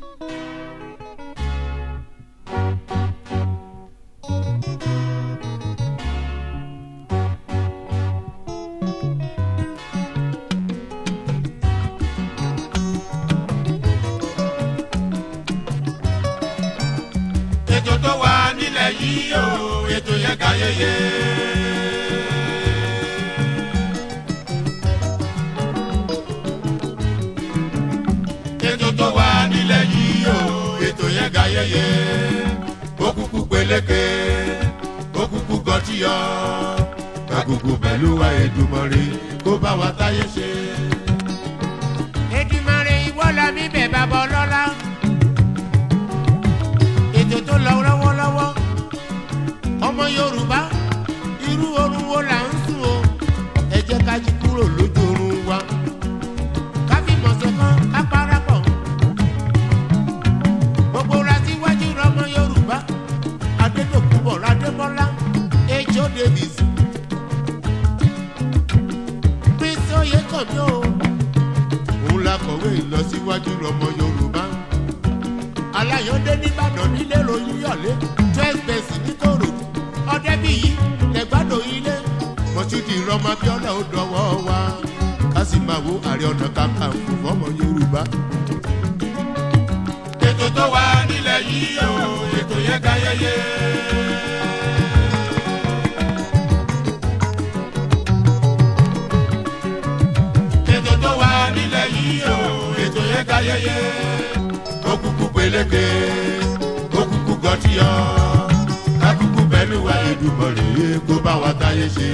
you peléke òkùnkù gọtí yọ kàgùkù pẹ̀lú wa Èdùmàrè kó bá wa táyé ṣe. Davis Prince Oyèkánmi o òun la kọ̀wé ìlọsíwájú lọmọ Yorùbá Aláyọ̀dé nìbàdàn nílé ròyìn yọ̀lé twelve pence ní Kòròdú Ọdẹ́bíyì lẹ́gbàdo ilé Mọ̀ṣúdì rọmọ Abíọ́lá ó dọwọ́ wa ká sì máa wo Ààrẹ Ọ̀nà Kakanfò fọ́mọ Yorùbá. ètò tó wà nílẹ̀ yìí o ètò yẹn ga yẹyẹ. ayẹyẹ okuku peleke okuku gọtiyọ kakuku bẹnu wa Èdùmàrè kó bá wa táyé ṣe.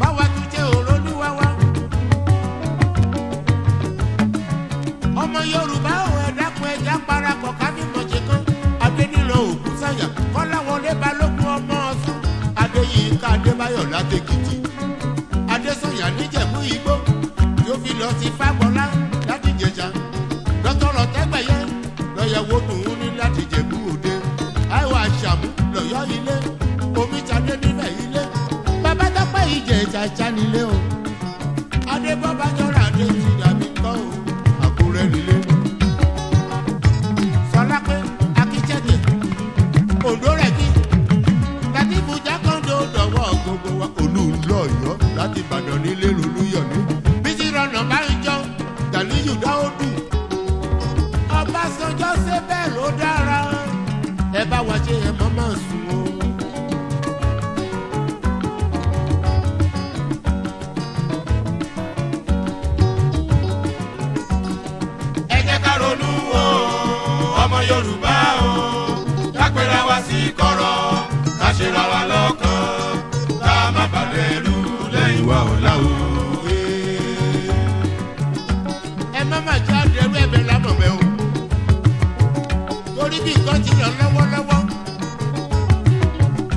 báwa tún jẹ́ òrónúwa wa ọmọ Yorùbá ò ẹ dákun ẹja parapọ̀ ká ní mọ̀jẹ̀ kan adéníran ògùn sáyà kọ́láwọlé balógun ọmọ ọ̀sùn adéyínká adébáyọ̀ látẹ̀kìtì adésùnyà níjẹ̀bú igbó yóò fi lọ sí fáwọn. 在家里。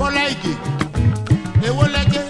Kọ́lá Ìgè Ewolẹ́jẹ́.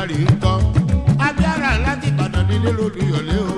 adarí ń kọ́ agbára láti Ìbàdàn nílé lórí ìyọ̀lẹ́ o.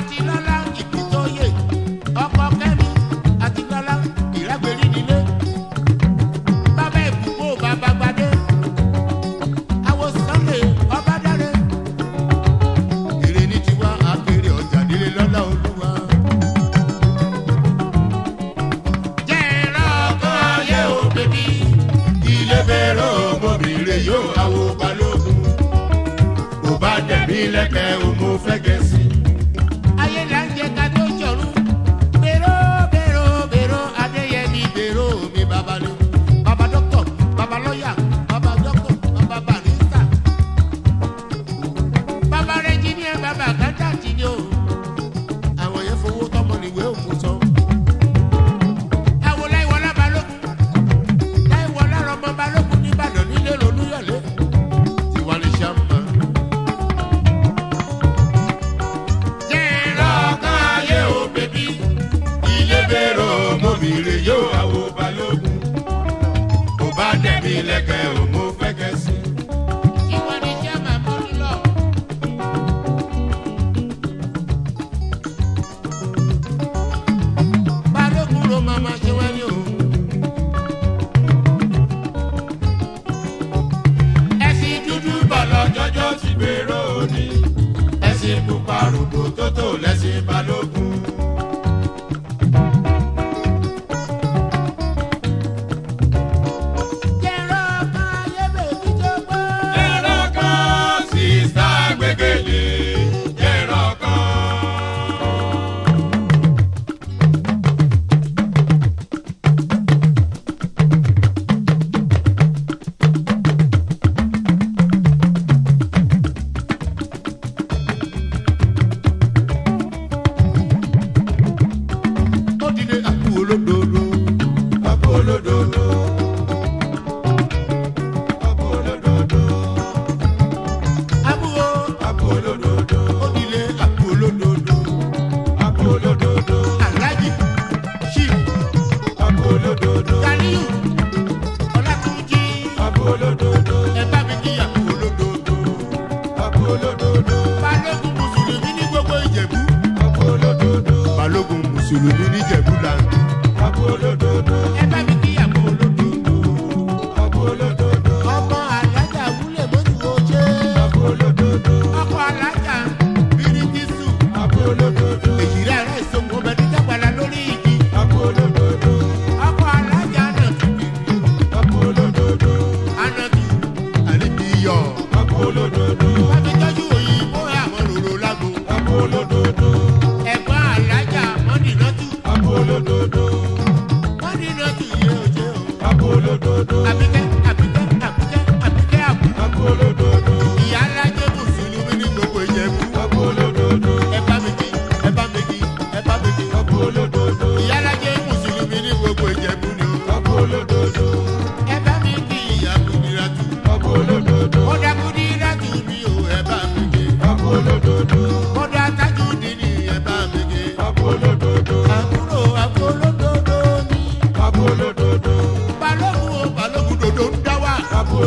bate na bá dẹ̀ mí lẹ́kẹ̀ẹ́ o.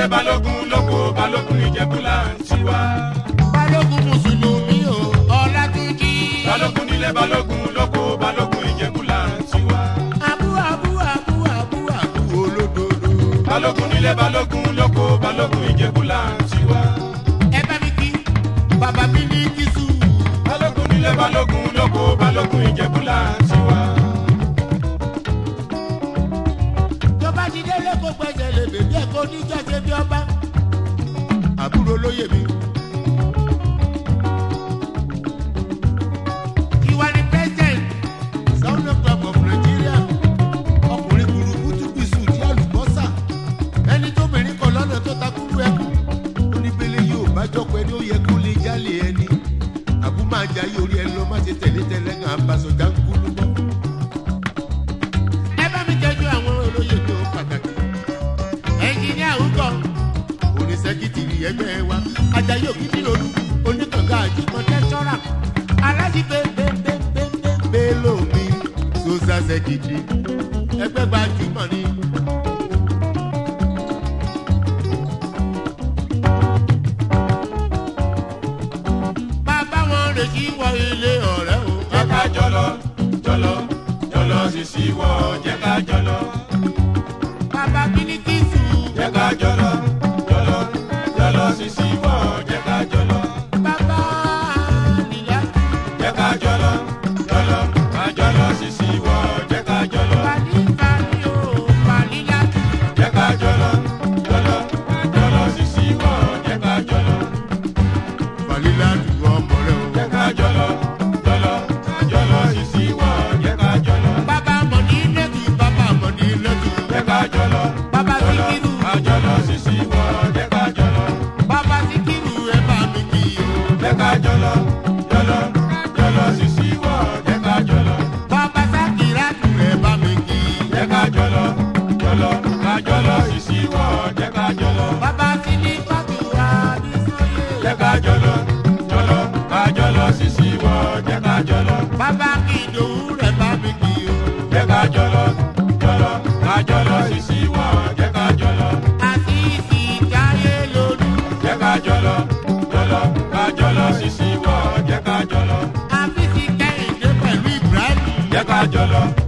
ilé balógun lóko balógun ìjẹ̀bú là ń tiwa. balógun mùsùlùmí o ọlátúnjí. balógun nílé balógun lóko balógun ìjẹ̀bú là ń tiwa. àbú àbú àbú àbú àbú olódodo. balógun nílé balógun lóko balógun ìjẹ̀bú là ń tiwa. ẹ bá mi kí bàbá mi ní kìsù. balógun nílé balógun lóko balógun ìjẹ̀bú ń tiwa. tó bá ti délé kó pẹ́sẹ̀ lè bèbí ẹ̀ kó níjọ́sí olóyè mi. ìwà ni president Southern Club of Nigeria ọkùnrin burúkú tí pìsù di àlùbọ́sà ẹni tó mẹ́rin kan lọ́nà tó takúrú ẹkú oníbele yóò bá jọpọ̀ ẹni ó yẹ kó lè jálè ẹni àbúmájà yóò rí ẹni àjàyè òkìtì lòlú oníkànga àjùmọ̀ tẹ́sọ́rà alájí pépépépépé lómi tó sàṣẹ gidi ẹgbẹ́ gbajúmọ̀ ni. bàbá wọn rèjì wọ jẹ́ ká jọlọ jọlọ jọlọ sisi sùn. jẹ́ ká jọlọ. da da.